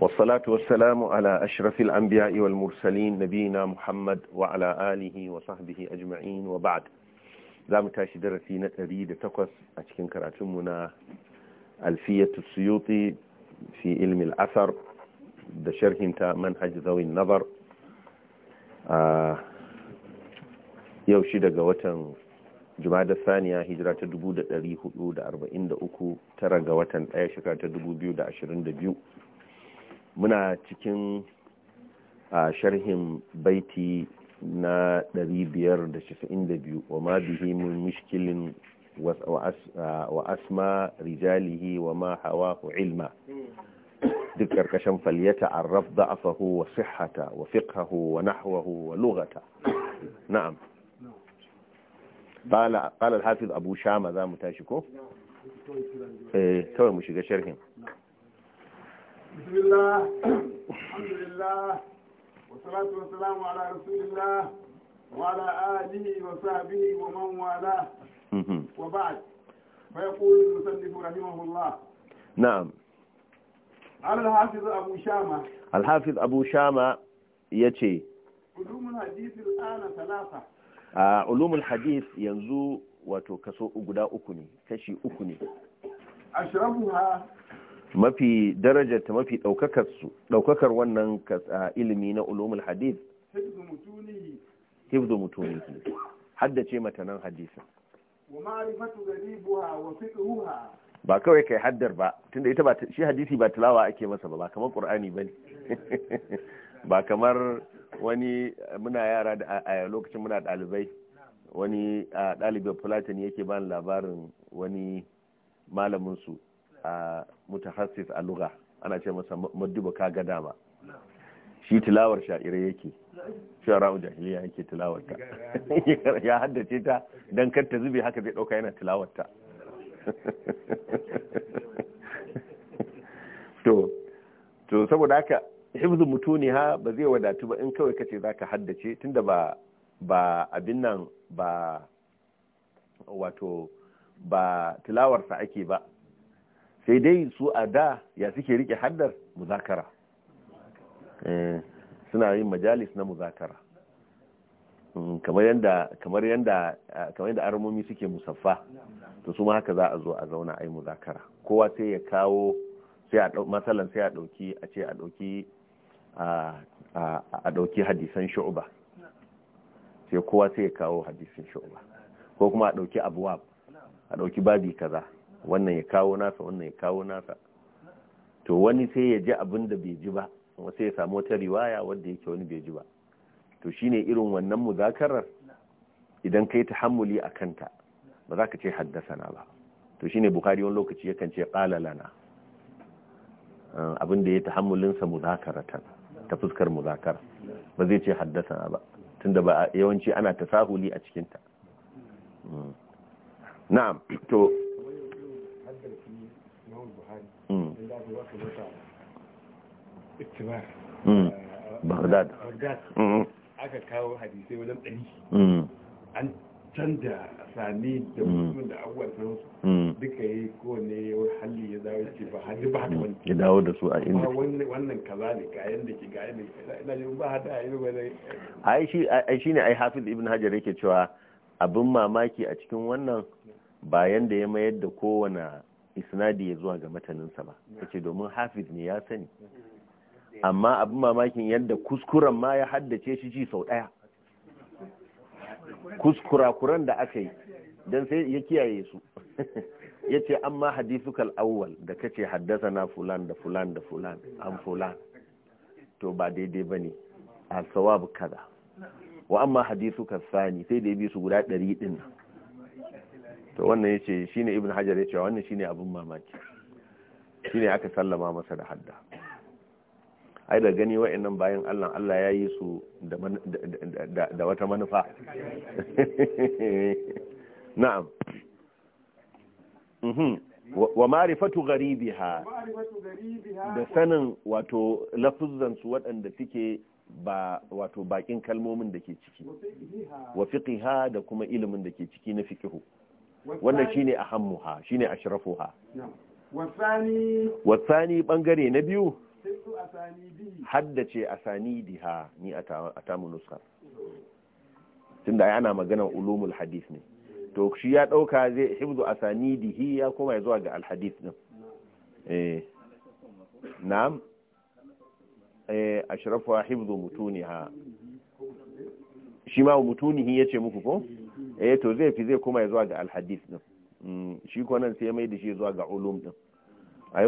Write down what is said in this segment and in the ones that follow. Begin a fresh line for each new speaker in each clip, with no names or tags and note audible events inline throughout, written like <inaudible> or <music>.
والصلاة والسلام على أشرف الأنبياء والمرسلين نبينا محمد وعلى آله وصحبه أجمعين وبعد زام تاشي درسي نتري لتقص أشكين كراتمنا ألفية السيوطي في علم الأثر دشره انت منهج ذوي النظر آه يوشي دقوة jumada saniya hijira ta 1443 tara ga watan daya shekara ta 2022 muna cikin a sharhin baiti na 592 wa ma bihi mun mishkilin wa asma rijalihi wa ma hawahu ilma duk karkashin falyata arraf da'afahu wa sihata wa fiqhahu wa nahwahu wa lugata na'am qala al-hafiz abu shama za mu tashi ko eh, kawai mu shiga sharhin
بسم الله الحمد لله والصلاة والسلام على رسول الله وعلى آله وصحبه ومن والاه وبعد فيقول المصنف رحمه الله نعم على الحافظ أبو شامة
الحافظ أبو شامة يتي
علوم الحديث الآن ثلاثة
علوم الحديث ينزو wato kaso guda uku ne kashi uku ne
ashrabuha
mafi ta mafi ɗaukakar wannan ilimi na ulumul hadith hifzu mutuni haddace matanan hadisin ba kawai kai haddar ba tunda ita ba shi hadisi ba tilawa ake masa ba ba kamar qur'ani bane <laughs> ba kamar wani muna yara da a lokacin muna dalibai wani dalibin fulatani yake ba labarin wani malamin su a mutahassis a lugha ana ce masa madduba ga dama shi tilawar sha'ire yake shara'u jahiliya yake tilawarta <laughs> ya haddace ta dan kar ta zube haka zai dauka yana tilawarta <laughs> to to saboda haka hifzu mutuni ha ba zai wadatu ba in kawai kace zaka haddace tunda ba ba abin nan ba wato ba tilawarsa ake ba sai dai su a da ya suke rike haddar muzakara eh, suna yin majalis na muzakara mm, kamar yadda ah, armomi suke musaffa to su ma haka za a zo a zauna a yi muzakara kowa sai ya kawo matsalan sai a dauki a ce a dauki a dauki hadisan shu'ba sai kowa sai ya kawo hadisan shu'ba ko kuma a dauki abuwa a dauki babi kaza wannan ya kawo nasa wannan ya kawo nasa to wani sai ya ji abin da bai ji ba kuma sai ya samu wata riwaya wanda yake wani bai ji ba to shine irin wannan muzakarar idan kai hammuli a kanta ba za ka ce haddasana ba to shine bukari wani lokaci yakan ce qala lana ah, abin da ya ta hammulinsa muzakaratan ta fuskar muzakar, ba zai ce haddasana ba tunda ba yawanci ana tasahuli a cikinta. Hmm. na'am to
ittibar hmm. bagdad hmm. aka kawo hadisai wajen ɗari hmm. an canza sami da da abubuwan duka yi kowane halli ya dawo ce ba ba haka wani
ya dawo da su a inda
wannan kaza ne kayan da ke kayan da ke ina jin ba hada a yi wani
ai shi ne hafiz ibn hajar yake cewa abin mamaki a cikin wannan bayan da ya mayar da kowane isnadi ya zuwa ga mataninsa ba yace domin hafiz ne ya sani amma abin mamakin yadda kuskuren ma ya haddace shi ji sau ɗaya kuskurakuren da aka yi don sai ya kiyaye su <laughs> ya ce an ma hadithukal awwal da kace haddasa na fulan da fulan da fulan an fulan to ba daidai ba ne A sawab kaza wa amma hadithuka sani sai da ya bi su guda ɗari ɗin to wannan yace shine ibn hajar yace wannan shine abin mamaki shine aka sallama masa da hadda ai da gani wa'annan bayan Allah Allah ya yi su da wata manufa <laughs> na'am mhm. wa marifatu gharibiha da sanin wato lafuzzan su waɗanda suke ba wato bakin kalmomin da ke ciki wa fiqiha da kuma ilimin da ke ciki na fiqihu
wannan shine
ahammuha shine ashrafuha wasani bangare na biyu
haddace
asanidiha ni a tamu nuskar tunda ai ana maganar ulumul hadith ne to shi ya dauka zai hifzu asanidihi ya koma zuwa ga alhadith din eh na'am eh ashrafu hibzu mutuniha shi ma mutunihi yace muku ko eh to zai fi zai kuma ya zuwa ga alhadis din mm, shi ko nan sai ya mai da shi zuwa ga ulum din ai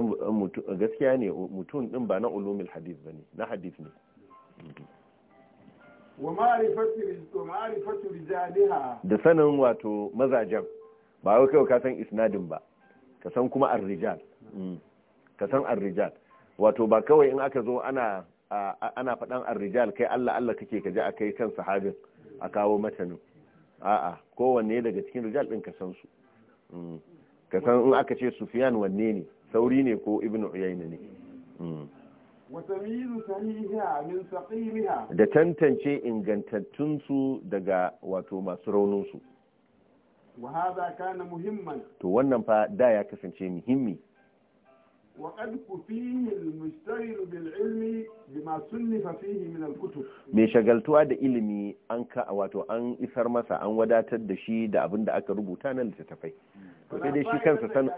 gaskiya ne mutum din ba na ulumul hadis bane na hadis ne
wa ma'rifatu rijaliha da
sanin wato mazajen ba wai kai ka san isnadin ba ka san kuma ar-rijal mm, ka san ar-rijal wato ba kawai in aka zo ana ana faɗan ar-rijal kai Allah Allah kake ka ji akai kan sahabin a kawo matanin a'a kowanne daga cikin rijal din ka su mm. ka in aka ce Sufiyan wanne ne sauri ne ko ibnu uyayna ne mm. da tantance ingantattunsu daga wato masu rauninsu to wannan fa da ya kasance muhimmi mai shagaltuwa da ilimi an ka wato an isar masa an wadatar da shi da abin da aka rubuta na littattafai to sai dai shi kansa san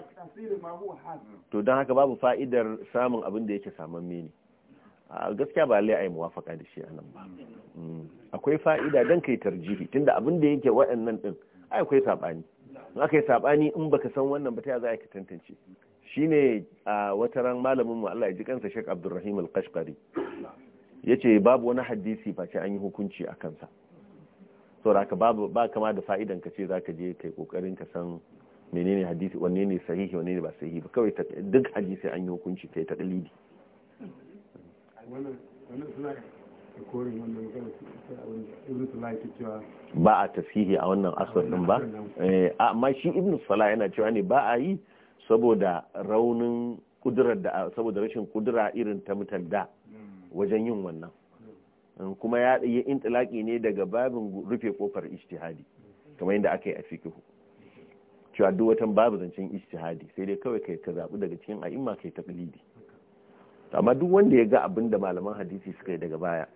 to don haka babu fa'idar samun abin da yake saman ne a gaskiya ba lai yi muwafaka da shi anan ba mm. akwai fa'ida don kai tarjihi tunda abin da yake waɗannan din a'a akwai sabani in aka yi sabani in baka san wannan ba ta za ka tantance Shi ne a wata ran malamin mu Allah ya ji kansa Sheikh Abdulrahim Al-Qashqari yace babu wani hadisi ce an yi hukunci a kansa saboda haka babu ba kama da fa'idan ka ce zaka je kai kokarin ka san menene hadisi wanne ne sahihi wanne ne ba sahihi ba kawai duk hadisi an yi hukunci kai ta dalili ba a tasihi a wannan asar din ba eh, amma shi ibn salah yana cewa ne ba a yi saboda raunin kudurar da saboda rashin kudura irin ta mutan da wajen yin wannan hmm. kuma ya yi intilaki ne daga babin rufe kofar ijtihadi kamar yadda aka yi a fikihu cewa duk watan babu zancen ijtihadi sai dai kawai kai ka zaɓi daga cikin a'imma kai taqlidi hmm. amma duk wanda ya ga abin da malaman hadisi suka yi daga baya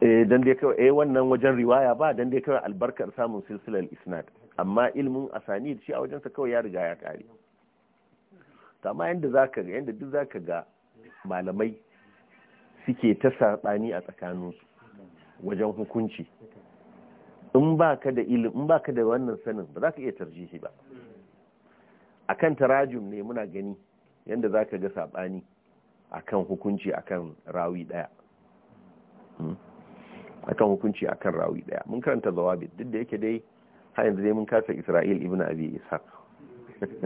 eh dan dai kawai eh wannan wajen riwaya ba dan dai kawai albarkar samun silsilar isnad amma ilmin asanid shi a wajensa kawai ya riga ya kare to yadda za ka ga yadda duk ka ga malamai suke ta saɓani a tsakaninsu wajen hukunci in ba ka da ilimin in ba ka da wannan sanin ba za ka iya tarjihi ba a kan tarajin ne muna gani yadda za ka ga saɓani a kan hukunci a kan rawi ɗaya hmm? a hukunci a rawi ɗaya mun karanta zawabi duk da yake dai ha yanzu dai mun kasa Isra'il ibn Abi Ishaq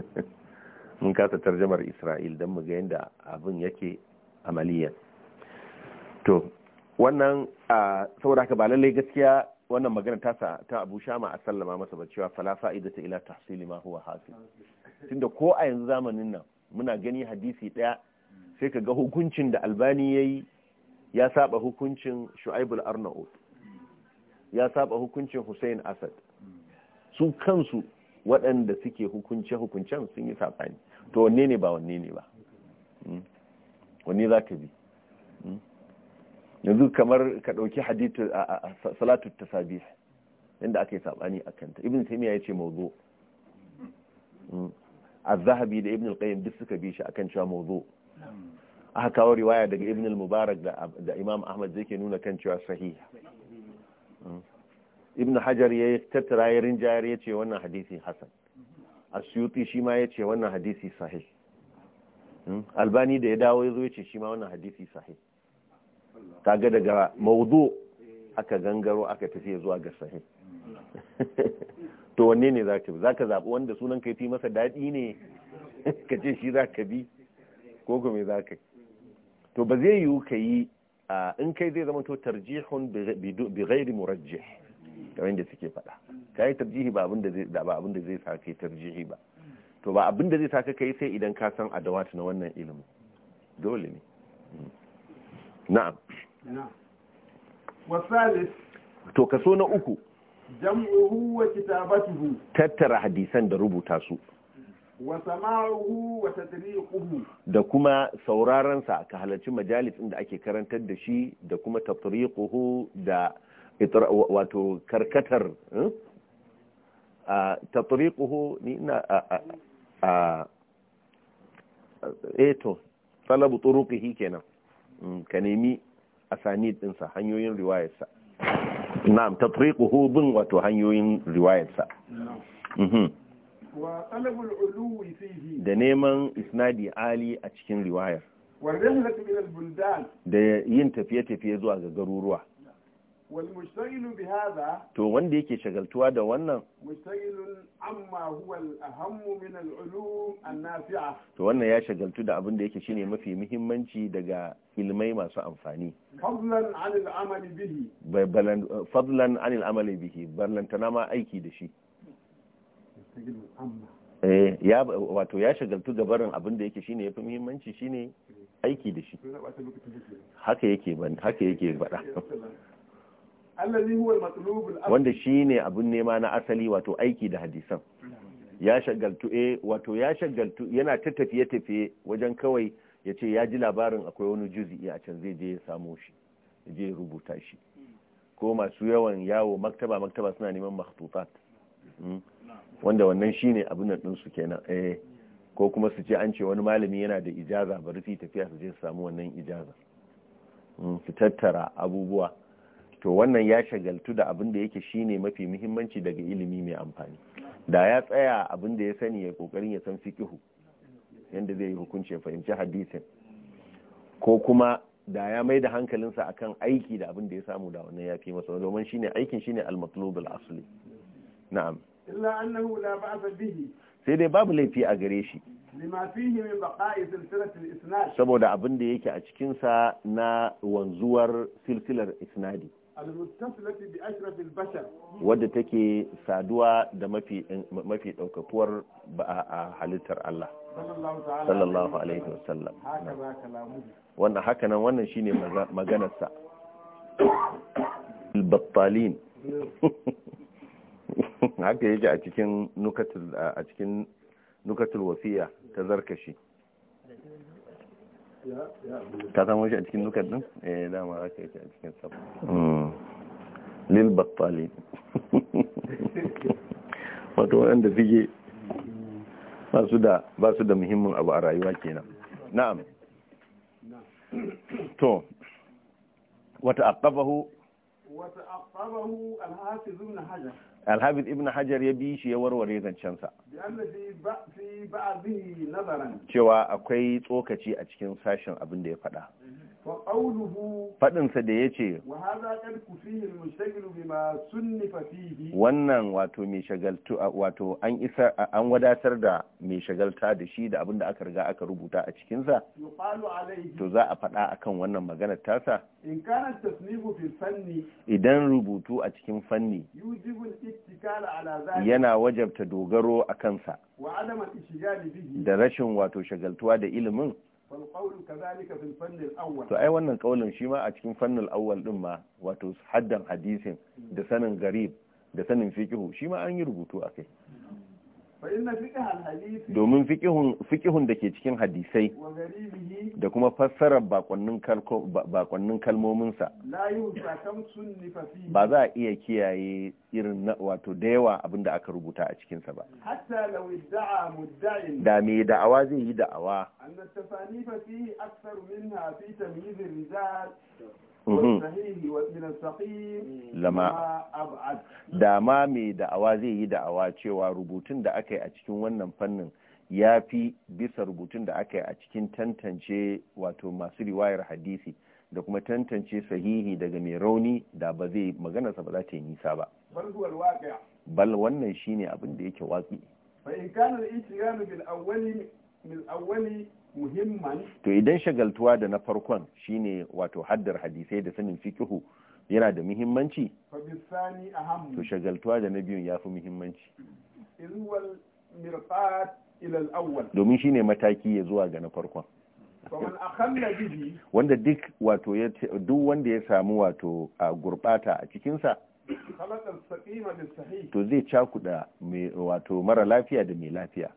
<laughs> mun kasa tarjamar Isra'il don mu ga yadda abin yake amaliya to wannan saboda haka ba lallai gaskiya wannan magana ta sa ta Abu Shama a sallama masa ba cewa fala ta ila tahsili ma huwa hasil tunda ko a yanzu zamanin nan muna gani hadisi daya sai ka ga hukuncin da Albani yayi ya saba hukuncin shuaibul arnaud ya saba hukuncin Hussein Asad su kansu waɗanda suke hukunce-hukuncen sun yi saɓani to wanne ne ba wanne ne ba hmm? wanne za ka bi hmm? yanzu kamar ka ɗauki hadithu a salatu sabi inda aka yi saɓani a kanta ibn taimiyya ya ce mawzo hmm? a zahabi da ibn al-qayyim duk suka bi shi akan cewa mawzo aka kawo riwaya daga ibn al-mubarak da imam ahmad zai ke nuna kan cewa sahiha ibn hajar ya tattara ya rinjayar ya ce wannan hadisi hasan suyuti shi ma ya ce wannan hadisi sahih hmm? albani da ya dawo ya zo ya ce shi ma wannan hadisi sahih kaga daga maudu aka gangaro aka tafiya zuwa ga sahih <laughs> to wanne ne za ka bi za ka zaɓi wanda sunan ka fi masa daɗi ne <laughs> ka ce shi za ka bi ko kuma za ka to ba zai yiwu ka yi in kai zai zama to tarjihun bi gairi murajjih kamar da suke faɗa ka yi tarjihi ba abin da zai sa kai tarjihi ba to ba abin da zai sa ka kai sai idan ka san adawat na wannan ilimin dole ne na'am
wasalis to kaso na uku jam'uhu wa kitabatuhu
tattara hadisan da rubuta su
wa sama'uhu wa tatriquhu
da kuma sauraron sa ka halarci majalis inda ake karantar da shi da kuma tatriquhu da wato karkatar ta eh? turiƙuhu ni ina a eto eh talabu turuƙihi kenan mm, ka nemi a sani ɗinsa hanyoyin riwayarsa na ta turiƙuhu bin wato hanyoyin riwayarsa mhm. da neman isnadi ali a cikin riwayar da yin tafiye-tafiye zuwa ga garuruwa To wanda yake shagaltuwa da wannan to wannan ya shagaltu da abin da yake shine mafi muhimmanci daga ilmai masu amfani fadlan 'an bihi amali bihi ballantana ma aiki da shi eh ya wato ya shagaltu ga barin abin da yake shine yafi muhimmanci shine aiki da shi haka yake ban haka yake faɗa wanda shi ne abin nema na asali wato aiki da hadisan ya shagaltu eh wato ya shagaltu yana ta tafiye-tafiye wajen kawai ya ce ya ji labarin akwai wani juzi a can zai je ya samo shi je rubuta shi ko masu yawan yawo maktaba maktaba suna neman makhtufat hmm? wanda wannan shine abin nan su kenan eh ko kuma su ce an ce wani malami yana da ijaza bari su tafiya su je su samu wannan ijaza hmm, su tattara abubuwa to wannan ya shagaltu da abin da yake shine mafi muhimmanci daga ilimi mai amfani da ya tsaya abin da ya sani ya kokarin ya san fiqihu yanda zai yi hukunci ya fahimci hadisin ko kuma da ya mai da hankalinsa akan aiki da abin da ya samu da wannan ya fi masa domin shine aikin shine al-matlub al-asli na'am
illa annahu la ba'sa bihi
sai dai babu laifi a gare shi saboda abin da yake a cikinsa na wanzuwar silsilar isnadi wadda take saduwa da mafi ɗaukakuwar ba a halittar Allah sallallahu alaihi wasallam wannan hakanan wannan shine maganarsa albattalin <laughs> haka yake a cikin nukatul wasiya ta zarkashi ka samu shi a cikin dukkanin? din eh dama za ka yi a cikin sabu hmm. lil battali <laughs> wato wanda suke ba su da muhimmin abu a rayuwa kenan na'am to wata akabahu
wata akabahu alhafi hafiz ibn hajar
alhabib ibn hajar ya bi shi ya warware zancensa cewa akwai tsokaci a cikin sashen abin da ya faɗa mhm. faɗinsa da ya ce wannan wato mai shagaltu wato an isa an wadatar da mai shagalta da shi da abinda aka riga aka rubuta a cikinsa to za a faɗa akan wannan maganar tasa idan rubutu a cikin fanni yana wajabta dogaro a kansa da rashin wato shagaltuwa da ilimin to ai wannan kaulin shi ma a cikin fannin awwal din ma wato haddan hadisin da sanin garib da sanin fiqhu shi ma an yi rubutu akai domin fikihun da ke cikin hadisai da kuma fassarar bakonnin kalmominsa ba za a iya kiyaye irin na wato da yawa abinda aka rubuta a cikinsa ba da me da'awa zai yi da'awa dama mai da'awa zai yi da'awa cewa rubutun da aka yi a cikin wannan fannin ya fi bisa rubutun da aka yi a cikin tantance wato masu riwayar hadisi da kuma tantance sahihi daga mai rauni da ba zai maganarsa ba za ta yi nisa ba bal wannan shine abin da yake waƙi
fa in kana al-ijtihad bil awwali min awwali
to idan shagaltuwa da na farkon shine wato haddar hadisai da sanin fikihu yana da muhimmanci to shagaltuwa da na biyun ya fi muhimmanci domin shine mataki ya zuwa ga na farkon wanda duk wato duk wanda ya samu wato a gurbata a cikinsa to zai cakuda wato mara lafiya da mai lafiya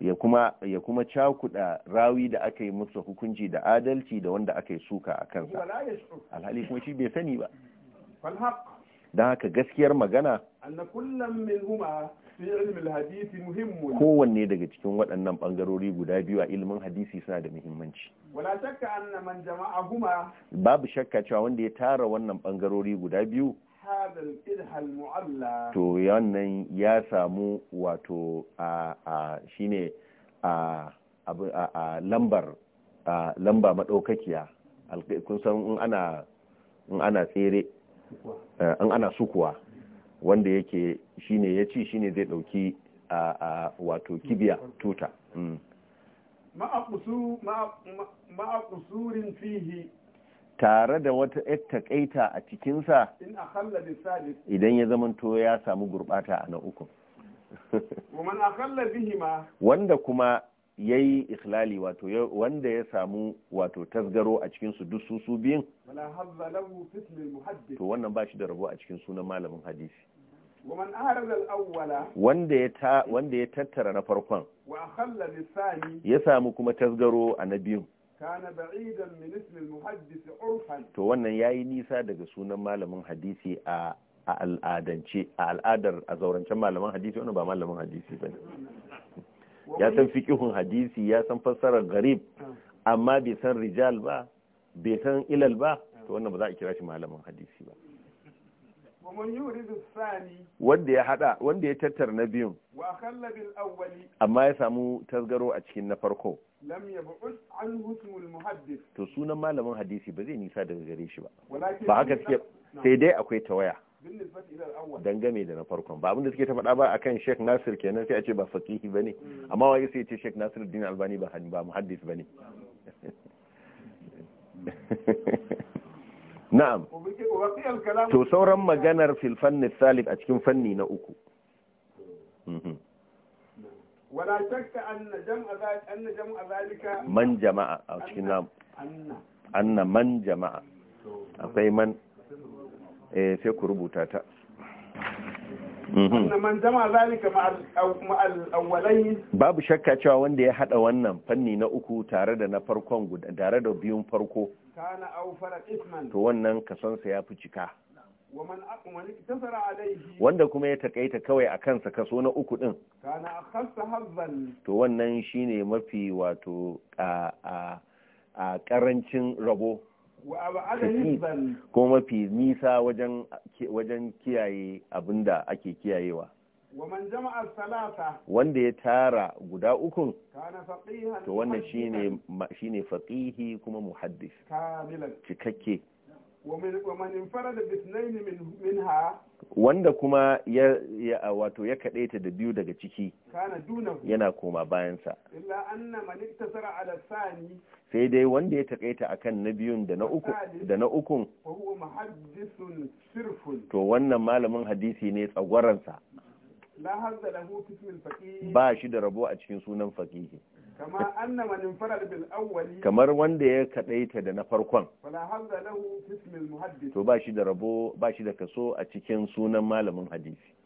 ya kuma ya kuma cakuda rawi da aka yi musu hukunci da adalci da wanda aka yi suka a kansa alhali kuma shi bai sani ba don haka gaskiyar magana kowanne daga cikin waɗannan ɓangarori guda biyu a ilimin hadisi suna da muhimmanci babu shakka cewa wanda ya tara wannan ɓangarori guda biyu to wannan ya samu wato a shine a lambar lamba madaukakiya kun san in ana in ana tsere in ana sukuwa wanda yake shine ya ci shine zai dauki wato kibiya hmm. tuta hmm.
ma'a kusurin fihi
tare da wata ‘yar takaita a cikinsa idan ya zamanto ya samu gurɓata a na uku. <laughs> Wanda kuma ya yi ikhlali wato wanda ya samu wato tasgaro a cikinsu duk su su biyun, to wannan ba shi da rabo a cikin sunan malamin hadisi. Wanda ya tattara na farkon, ya samu kuma tasgaro a na biyun.
كان بعيدا من اسم المحدث عرفا تو to
wannan yayi nisa daga sunan malamin hadisi a a al'adance a al'adar a zaurancen malaman hadisi wannan ba malamin hadisi bane ya san fiqhun hadisi ya san fassarar garib amma bai san rijal ba bai san ilal ba to wannan ba za a kira shi malamin hadisi ba wanda ya hada wanda ya tattara na biyun amma ya samu tasgaro a cikin na farko
لم yab'us anhu اسم المحدث
to sunan malamin hadisi ba zai nisa daga gare shi ba ba haka suke sai dai akwai tawaya dangane da na farkon ba abinda suke ta faɗa ba akan Sheikh Nasir kenan sai a ce ba faqihi bane amma wai sai ce Sheikh Nasir Din Albani ba ba muhaddis bane na'am to sauran maganar fil fanni a cikin fanni na uku
ولا jama'a أن جمع ذلك أن man jama'a. من جمع
anna man jama'a akwai man eh sai ku rubuta ta babu shakka cewa wanda ya hada wannan fanni na uku tare da na farkon guda, tare da biyun farko to wannan kasansa ya fi cika wanda kuma ya takaita kawai a kansa kaso na uku din to wannan shine mafi wato a karancin rabo ko mafi nisa wajen kiyaye abinda ake kiyayewa wanda ya tara guda ukun to wannan shine faƙihi kuma muhaddis cikakke wanda kuma ya wato ya kaɗe ta da biyu daga ciki yana koma bayansa sai dai wanda ya taƙaita akan na biyun da na uku da na ukun to wannan malamin hadisi ne tsagwaransa ba shi da rabo a cikin sunan fakihi kamar wanda ya kadaita da na farkon to ba shi da rabo ba shi da kaso a cikin sunan malamin hadisi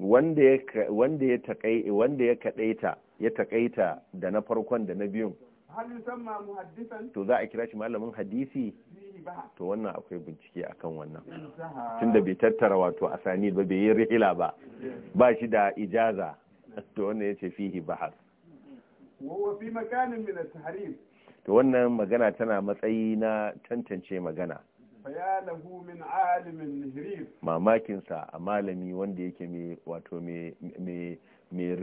wanda ya wanda wanda ya kadaita ya da na farkon da na biyun to za a kira shi malamin hadisi to wannan akwai bincike akan wannan tunda bai tattara wato asani ba bai yi rihila ba ba shi da ijaza to wannan yace fihi bahar
wa fi makanin min at-tahrif
to wannan magana tana matsayi na tantance magana
fayalahu min alimin nihrif
mamakin sa a malami wanda yake mai wato mai mai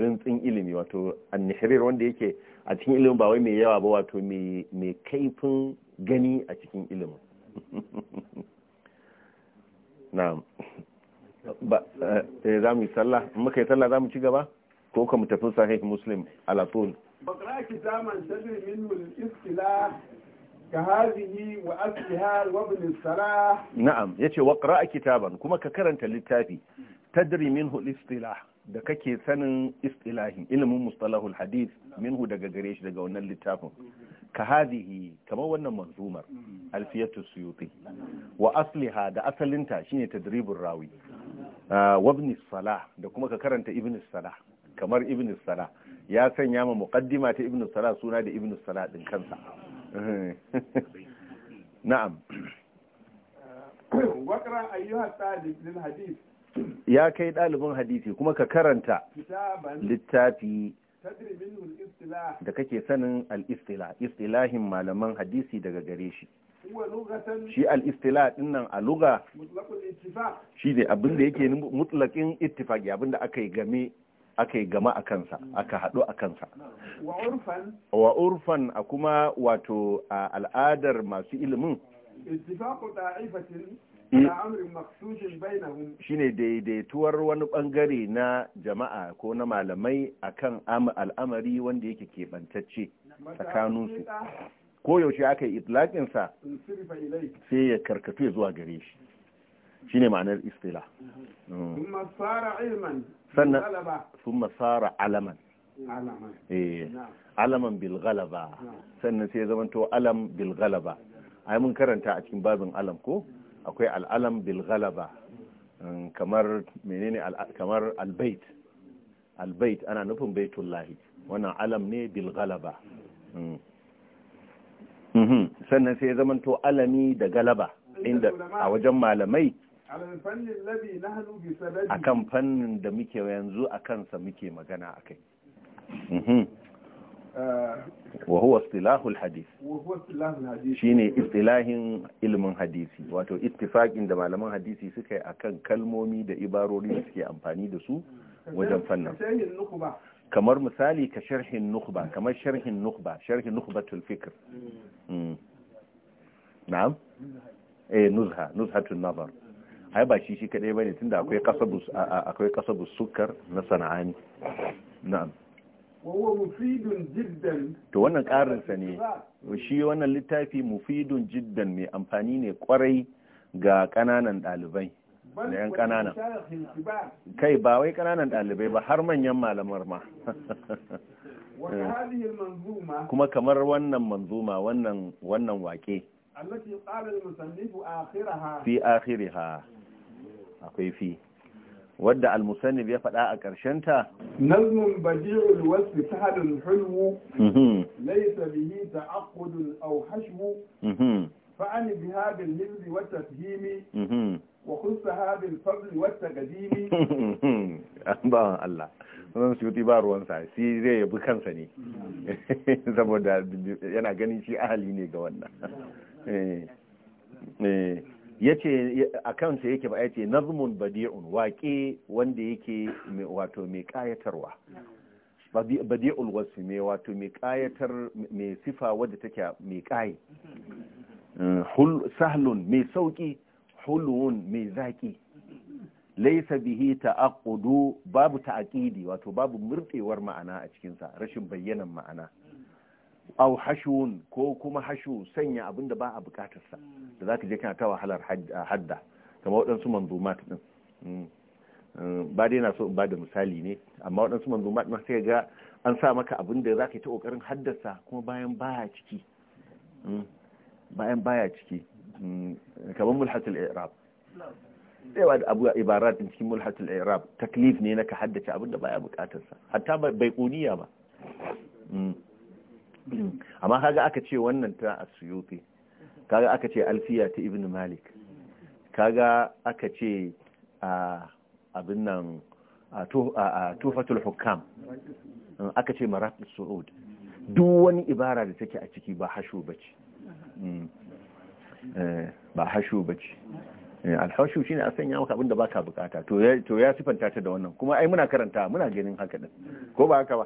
rintsin ilimi wato annihrir wanda yake a cikin ilimin ba wai mai yawa ba wato mai kaifin gani a cikin ilimin <laughs> na'am ba eh, za mu yi sallah muka yi sallah za mu ci gaba ko ka tafi sahih muslim ala
bakra kitaman tadri minhu al-istilah ka hadhihi wa asliha wa ibn salah
na'am yace waqra kitaban kuma ka karanta littafi tadri minhu al-istilah da kake sanin istilahi ilimin mustalahul hadith minhu daga gare shi daga wannan littafin ka hadhihi kamar wannan manzumar alfiyatu suyuti wa asliha da asalinta shine tadribur rawi ah, wa ibn salah da kuma ka karanta ibn salah kamar ibn sala ya sanya ma muqaddima ta ibn sala suna da ibn sala din kansa <laughs> na'am
<coughs> waqra ayyuha talib lil hadith
ya kai dalibin hadisi kuma ka karanta littafi da kake sanin al istilah istilahin malaman hadisi daga gare shi shi al din dinnan a luga shi ne abinda yake mutlakin ittifaki abinda aka yi game aka yi gama a kansa aka haɗu a kansa wa urfan a kuma wato a al'adar masu ilimin shi ne daidaituwar wani ɓangare na jama'a ko na malamai akan al'amari wanda yake keɓantacce
tsakaninsu
ko yaushe aka yi itlaƙinsa sai ya karkatu ya zuwa gare shi shine ma'anar istila mm. sannan thumma sara alaman alaman eh, bil sannan sai ya zamanto alam bil a yi mun karanta a cikin babin alam ko akwai al'alam bil mm, kamar menene kamar albait albait ana nufin baitullahi wannan alam ne bil mm. mhm. sannan sai ya zamanto alami da galaba inda a wajen malamai akan fannin da muke yanzu a kansa muke magana a kai wa huwa istilahul Shi ne istilahin ilimin hadisi wato ittifaqin da malaman hadisi suka yi kan kalmomi da ibarori da suke amfani da su
wajen fannin
kamar misali ka sharhin nukba kamar sharhin nukba sharhin nukba fikr na'am eh nuzha nuzhatul nazar ai ba shi shi kadai bane tunda akwai kasabus akwai kasabus sukar na sana'ani na'am
wawa mufidun jiddan
to wannan karin sa ne shi wannan littafi mufidun jiddan mai amfani ne kwarai ga kananan dalibai
na yan kananan kai
ba wai kananan dalibai ba har manyan malamar ma <laughs> kuma kamar wannan manzuma wannan wannan wake
التي قال المصنف آخرها في
آخرها akwai fi wadda al-musannif ya faɗa a ƙarshenta
nazmun badi'ul wasfi sahlun hulwu laysa bihi ta'aqqudun aw hashwu fa'ani biha bil hizbi wa tafhimi wa khussaha bil fadli wa taqdimi
ba Allah wannan shuti ba ruwan sa shi zai yabi kansa ne saboda yana ganin shi ahali ne ga wannan Eh, eh, ya ce a kansa yake ba ya ce nazmun badi'un waƙe wanda yake wato mai ƙayatarwa badi'ul wasu mai wato mai ƙayatar mai sifa wadda take mai ƙayi eh, sahlun mai sauƙi hulun mai zaƙi laisa bihi ta'aqqudu babu ta'aqidi wato babu murtsewar ma'ana a cikinsa rashin bayyanan ma'ana au hashun ko kuma hashu sanya abin da ba a bukatarsa da za ka je kana ta wahalar hadda kama waɗansu manzumat ɗin mm. Mm, ba dai na so in ba da misali ne amma waɗansu manzumat ɗin sai ga an sa maka abin da za ka yi ta ƙoƙarin haddasa kuma bayan baya ciki mm. bayan baya ciki kamar mulhatul i'rab sai da abu ibarat din cikin mulhatul i'rab taklif ne na ka haddace abin da baya bukatarsa hatta bai kuniya ba amma kaga aka ce wannan ta a asuyuti kaga aka ce alfiya ta ibn malik kaga aka ce a abin nan a tufatul hukam aka ce maratul su'ud duk wani ibara da take a ciki ba hashu bace mm. eh, ba hashu bace eh, alhashu shine a sanya maka abinda baka bukata to ya to sifanta ta da wannan kuma ai muna karanta muna ganin haka din ko ba haka ba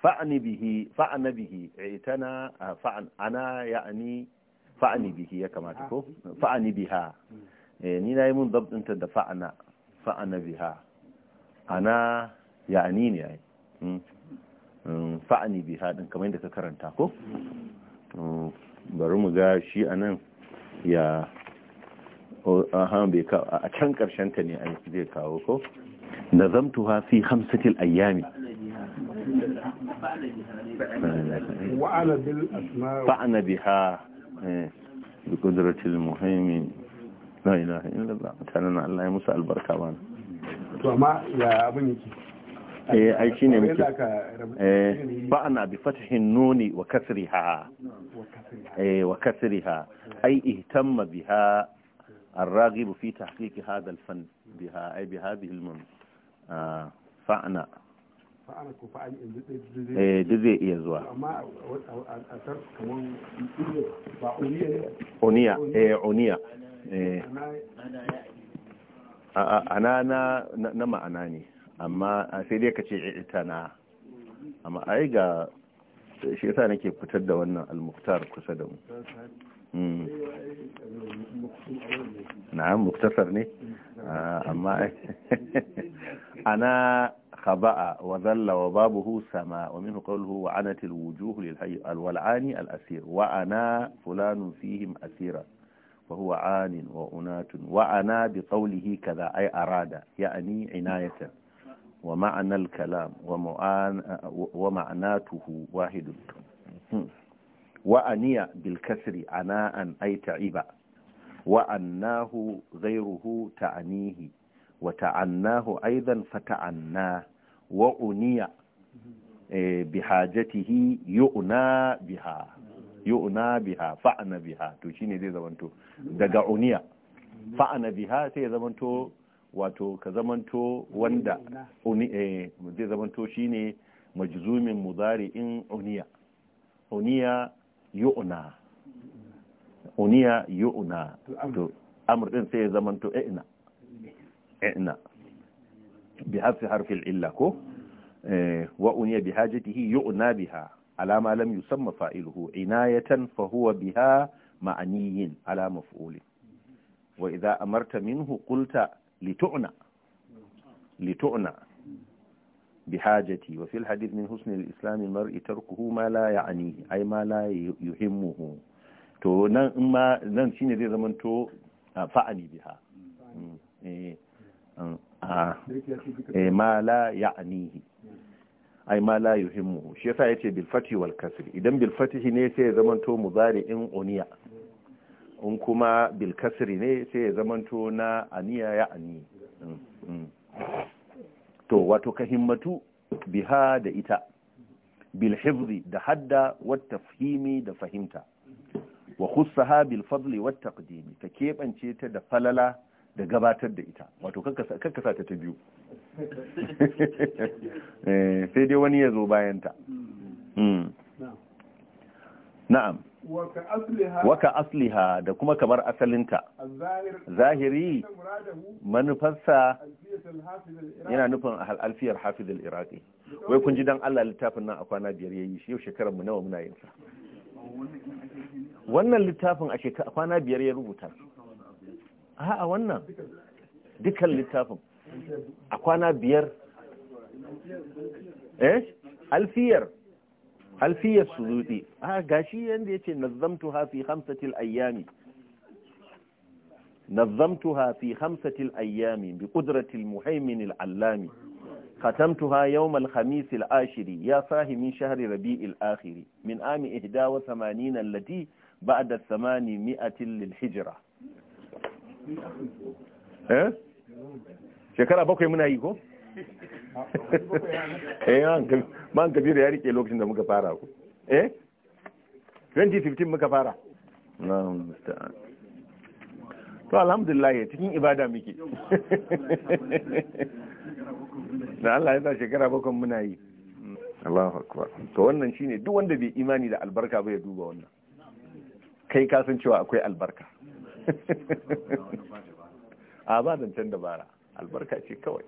fa'ani bihi fa'ana bihi itana ana ya'ani fa'ani hmm. bihi ya kamata ah. ko fa'ani biha hmm. eh, ni na yi mun dabdinta da fa'ana fa'ana biha ana ya'ani ne ya yi hmm. fa'ani biha ɗin kamar yadda ka karanta ko bari mu ga shi a nan ya a can ƙarshen ta ne a zai kawo ko Na nazamtuha fi hamsatil ayyami وعلى
بالأسماء
فعن بها إيه. بقدرة المهيمن لا إله إلا الله تعالى الله موسى البركة وانا وما يا أبنك ايه اي شيء نمك
إيه،
فأنا بفتح النون وكسرها ايه وكسرها اي اهتم بها الراغب في تحقيق هذا الفن بها اي بهذه المن آه، فأنا
eh duk zai iya zuwa amma eh
uniya eh ana na na ma'ana ne amma sai dai ka ce ita na amma ai ga shi yasa nake fitar da wannan almuktar kusa da mu hmm. na muktasar ne
hmm. ah, amma
<laughs> ana خبأ وذل وبابه سماء ومنه قوله وعنت الوجوه للحي الولعان الأسير وأنا فلان فيهم أسيرا وهو عان وأنات وأنا بقوله كذا أي أراد يعني عناية ومعنى الكلام ومعناته واحد وأني بالكسر عناء أي تعيبا وأناه غيره تعنيه وتعناه أيضا فتعناه wa uniya eh, bihajatihi yu'na biha yu'na biha fa'ana biha to shine zai zamanto daga uniya fa'ana biha sai ya zamanto wato ka zamanto wanda eh, zai zamanto shine majzumin mudari'in uniya uniya yu'na uniya yu'na to amr din sai ya zamanto i'na i'na bi hafi harfin illa ko wa uniya bi hajatihi yu'na biha ala ma lam yusamma fa'iluhu inayatan fa huwa biha ma'aniyin ala maf'ulin wa idza amarta minhu qulta litu'na litu'na بحاجتي وفي الحديث من حسن الإسلام المرء تركه ما لا يعنيه أي ما لا يهمه to nan shine zai zama to biha Eh, ma la ya'nihi ai ma la shi yasa yace ce bilfati wal idan bilfatihi ne sai ya zamanto muzari'in uniya in kuma bilkasri ne sai ya zamanto na aniya ya'ni mm, mm. to wato ka himmatu biha da ita bilhifzi da hadda wata fahimi da fahimta wa khussaha bil wata wat taqdimi ka keɓance ta da falala da gabatar da ita wato sa ta ta biyu
<laughs>
eh, sai dai wani ya zo bayanta hmm. na'am
waka asliha
da kuma kamar asalinta zahiri manufarsa yana nufin alfiyar hafiz al-iraqi wai kun ji dan Allah littafin nan a kwana biyar yayi shi yau shekarar mu nawa muna yin sa wannan littafin a kwana biyar ya rubuta A'a wannan dukkan littafin a kwana biyar eh alfiyar alfiyar su zuɗi a gashi yadda ya ce nazamtuha fi hamsatil ayyami nazamtuha fi hamsatil ayyami bi ƙudratil muhaimin al'allami ختمتها يوم الخميس العاشر يا صاحي من شهر ربيع الآخر من عام إهدى وثمانين التي بعد الثمانمائة للحجرة eh shekara bakwai muna yi ko
<laughs> eh
man da ya rike lokacin da muka fara ku eh 2015 muka fara na'am musta'an to alhamdulillah ya cikin ibada muke Na <laughs> Allah ya sa shekara bakwai muna yi Allahu akbar to wannan shine duk wanda bai imani da albarka ba ya duba wannan kai ka san cewa akwai albarka a ba zancen dabara albarka ce kawai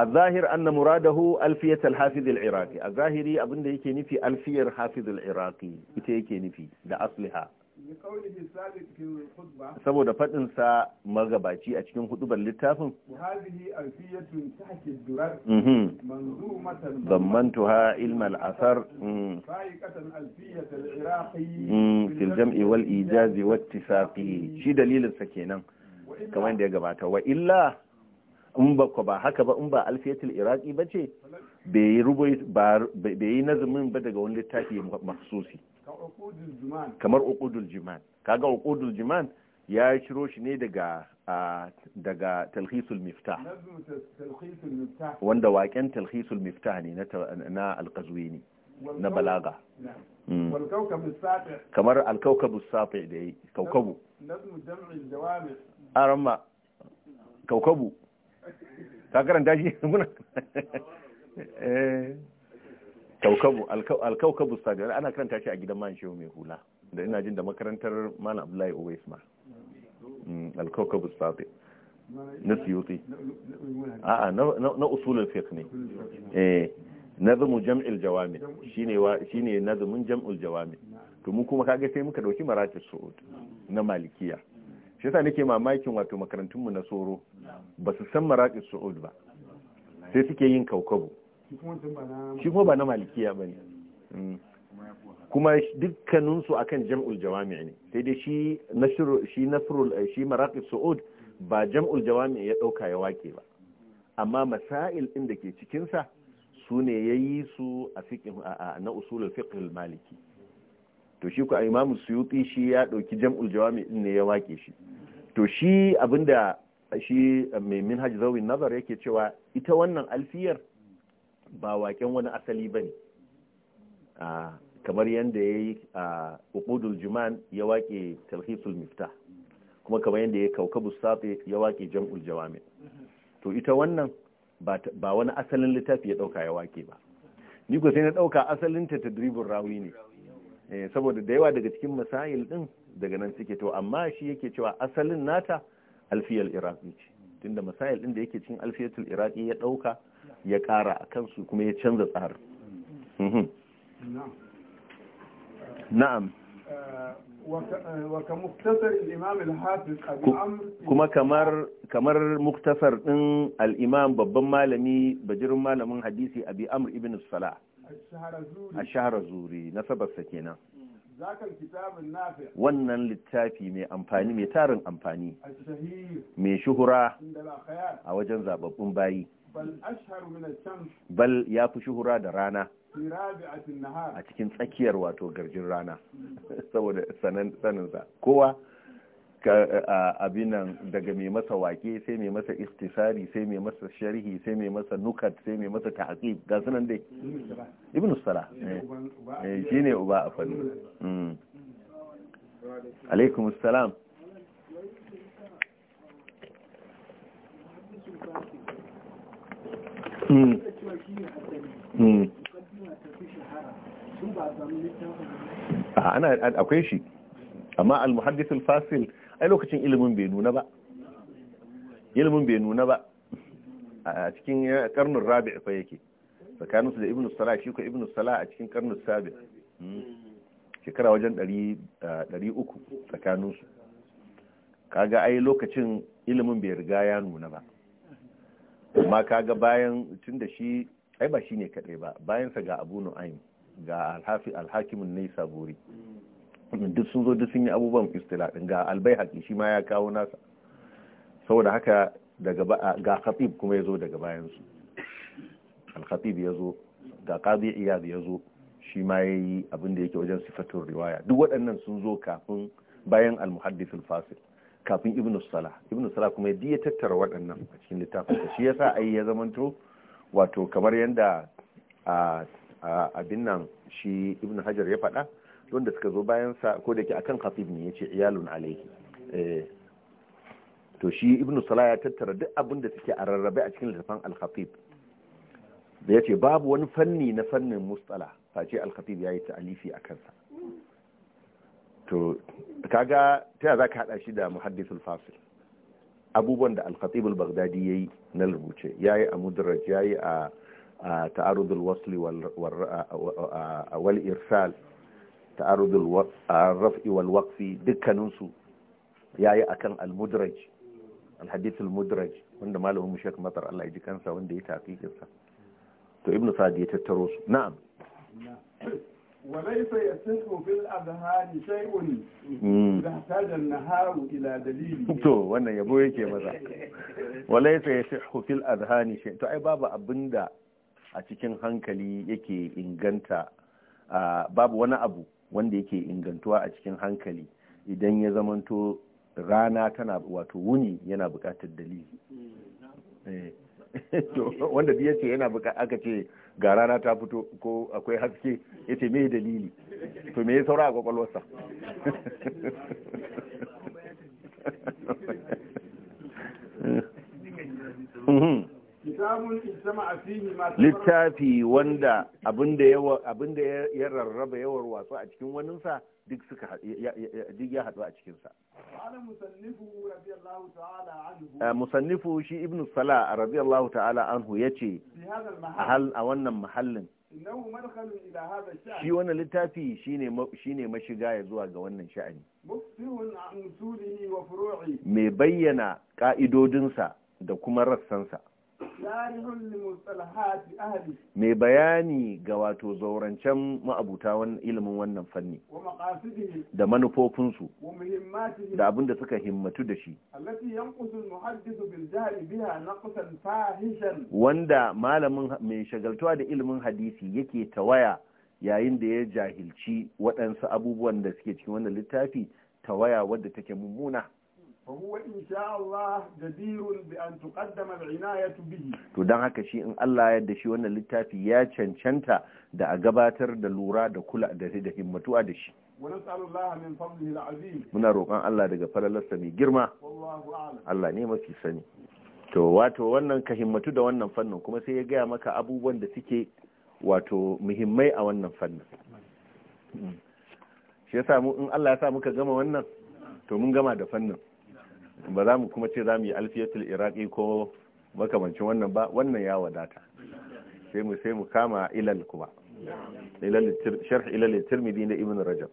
a zahir na muradahu alfiyat al al a zahiri abinda yake nufi alfiyar hafiz al-iraqi ita yake nufi da asliha saboda faɗinsa magabaci a cikin hudubar littafin ha ilmal asar fil jam'i wal ijazi safi shi dalilinsa kenan kamar da ya gabata wa illa in ba ba haka ba in ba alfiyatul iraqi ce bai yi nazumin ba daga wani littafi mahsusi kamar uqudul jiman kaga uqudul jiman ya shiro shi ne daga daga talhisul miftah wanda waken talhisul miftah ne na alqazwini
na balaga mm.
kamar alkaukabu safi da yi kaukabu a ma kaukabu ta karanta shi <laughs> muna <laughs> eh. kaukabu alkaukabu stadion ana karanta shi a gidan man shehu mai hula da ina jin da makarantar malam abdullahi always ma mm, alkaukabu stadion na a a'a na usulul fiqh ne eh nazmu jam'il jawami shine wa shine nazmun jam'ul jawami to mu kuma kaga sai muka dauki maratis su'ud na malikiya shi yasa nake mamakin wato makarantun mu na soro ba su san maratis su'ud ba sai suke yin kaukabu shi kuma ba na malikiya ba ne mm. kuma dukkaninsu akan jam'ul jawami ne sai dai shi na shi eh, shi maraƙi su'ud ba jam'ul jawami ya ɗauka ya wake ba amma masail ɗin da ke cikinsa su ne ya yi su a na usulul fiƙin maliki to shi ku imamu suyuti shi ya ɗauki jam'ul jawami din ne ya wake shi to shi abinda shi eh, mai minhaj zawin nazar yake cewa ita wannan alfiyar ba waken wani asali ba ne kamar yadda ya yi a ukudul juman ya wake talhisul mifta kuma kamar yadda ya kauka safi ya wake jam'ul jawami to ita wannan ba wani asalin littafi ya ɗauka ya wake ba ni ko sai na ɗauka asalin ta diribin rawi ne eh, saboda da yawa daga cikin masayil ɗin daga nan suke to amma shi yake cewa asalin nata alfiyar iraki ce tunda masail din da yake cikin alfiyatul iraqi ya dauka ya kara a kansu kuma ya canza tsarin mhm. na'am
eh, eh, kuma
kamar kamar muktasar din al babban malami bajirin malamin hadisi abi amr ibn salah a shahara na nasabarsa kenan wannan littafi mai amfani mai tarin amfani mai shuhura a wajen zababbun bayi bal ya fi shuhura da rana a cikin tsakiyar wato garjin rana <laughs> saboda saninsa kowa abinan daga mai masa wake sai mai masa istisari sai mai masa sharhi sai mai masa nukat sai mai masa ta'aqib ga sunan dai ibnu sala eh, eh shine uba a fanni hmm. alaikum assalam hmm. Hmm. Ah, ana akwai shi amma al-muhaddith al-fasil ai lokacin ilimin bai nuna ba ilimin bai nuna ba a cikin eh, karnin rabi fa yake tsakanin su da ibnu sala shi ko ibnu sala a cikin karnin sabi hmm. shekara wajen 300 tsakanin su kaga ai lokacin ilimin bai riga ya nuna ba amma kaga bayan tunda shi ai ba shine kadai ba bayan sa ga Abu ayin ga alhafi alhakimun Al-Hakim naisaburi duk sun zo duk sun yi abubuwan istila din ga haƙi shi ma ya kawo nasa saboda haka daga ga khatib kuma ya zo daga bayan su ya zo ga qadi iyad ya zo shi ma yayi abin da yake wajen sifatun riwaya duk waɗannan sun zo kafin bayan al-muhaddith kafin ibn salah ibnu salah kuma ya tattara waɗannan a cikin littafin shi yasa ai ya zamanto wato kamar yadda abin nan shi ibn hajar ya faɗa wanda suka zo bayan sa ko da ke akan khatib ne yace iyalun alaihi eh, to shi ibnu sala ya tattara duk abin da suke a rarrabe a cikin littafin al-khatib da yace babu wani fanni na fannin mustala face al-khatib yayi ta'alifi a kansa to kaga ta za ka hada shi da muhaddisul fasil abubuwan da al-khatib al-baghdadi yayi na rubuce yayi a mudraj yayi a ta'arudul wasli wal irsal ta'arudul ah, raf'i wal waqfi dukkaninsu yayi akan al-mudraj al-hadith al-mudraj wanda malamin Sheikh Matar Allah ya ji kansa wanda ya taqiqin sa to Ibn Sa'd ya tattaro su na'am
wa laysa yasihu fil adhhari shay'un hmm. yahtaja an-naharu ila dalili <laughs> to
wannan yabo yake maza wa laysa yasihu fil adhhari shay'un to ai babu abinda a cikin hankali yake inganta ah, babu wani abu wanda yake ingantuwa a cikin hankali idan ya zamanto rana tana wato wuni yana buƙatar dalili eh. <laughs> wanda ya ce yana aka ce ga rana ta fito ko akwai haske ya ce me dalili to me ya saura a kwakwalwarsa
<laughs> mm mm-hmm. littafi
wanda abinda ya rarraba yawar wasu a cikin waninsa duk suka duk ya haɗu a cikinsa eh, musannifu shi ibn sala radiyallahu ta'ala anhu ya ce a wannan mahallin shi wannan littafi ne mashiga ya zuwa ga wannan sha'ani mai bayyana ƙa'idodinsa da kuma rassansa mai bayani ga wato zaurancen ma'abuta ilimin wannan fanni da manufofinsu da abin da suka himmatu da shi wanda malamin mai shagaltuwa da ilimin hadisi yake tawaya yayin da ya jahilci waɗansu abubuwan da suke cikin wannan littafi tawaya wadda take mummuna
فهو إن شاء الله جدير بأن تقدم العناية به
to dan haka shi in Allah ya da shi wannan littafi ya cancanta da a gabatar da lura da kula da da himmatuwa da shi muna roƙon Allah daga falalarsa mai girma Allah ne mafi sani to wato wannan ka himmatu da wannan fannin kuma sai ya gaya maka abubuwan da suke wato muhimmai a wannan fannin shi ya samu in Allah ya sa muka gama wannan to mun gama da fannin ba za mu kuma ce za mu yi alfiyatul iraki ko makamancin wannan ba wannan ya wadata sai mu sai mu kama ilal kuma ilal sharh ilal tirmidhi da ibn rajab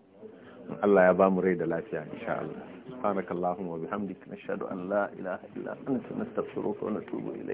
Allah ya ba mu rai da lafiya insha Allah subhanakallahumma wa bihamdika nashhadu an la ilaha illa anta nastaghfiruka wa natubu ilayk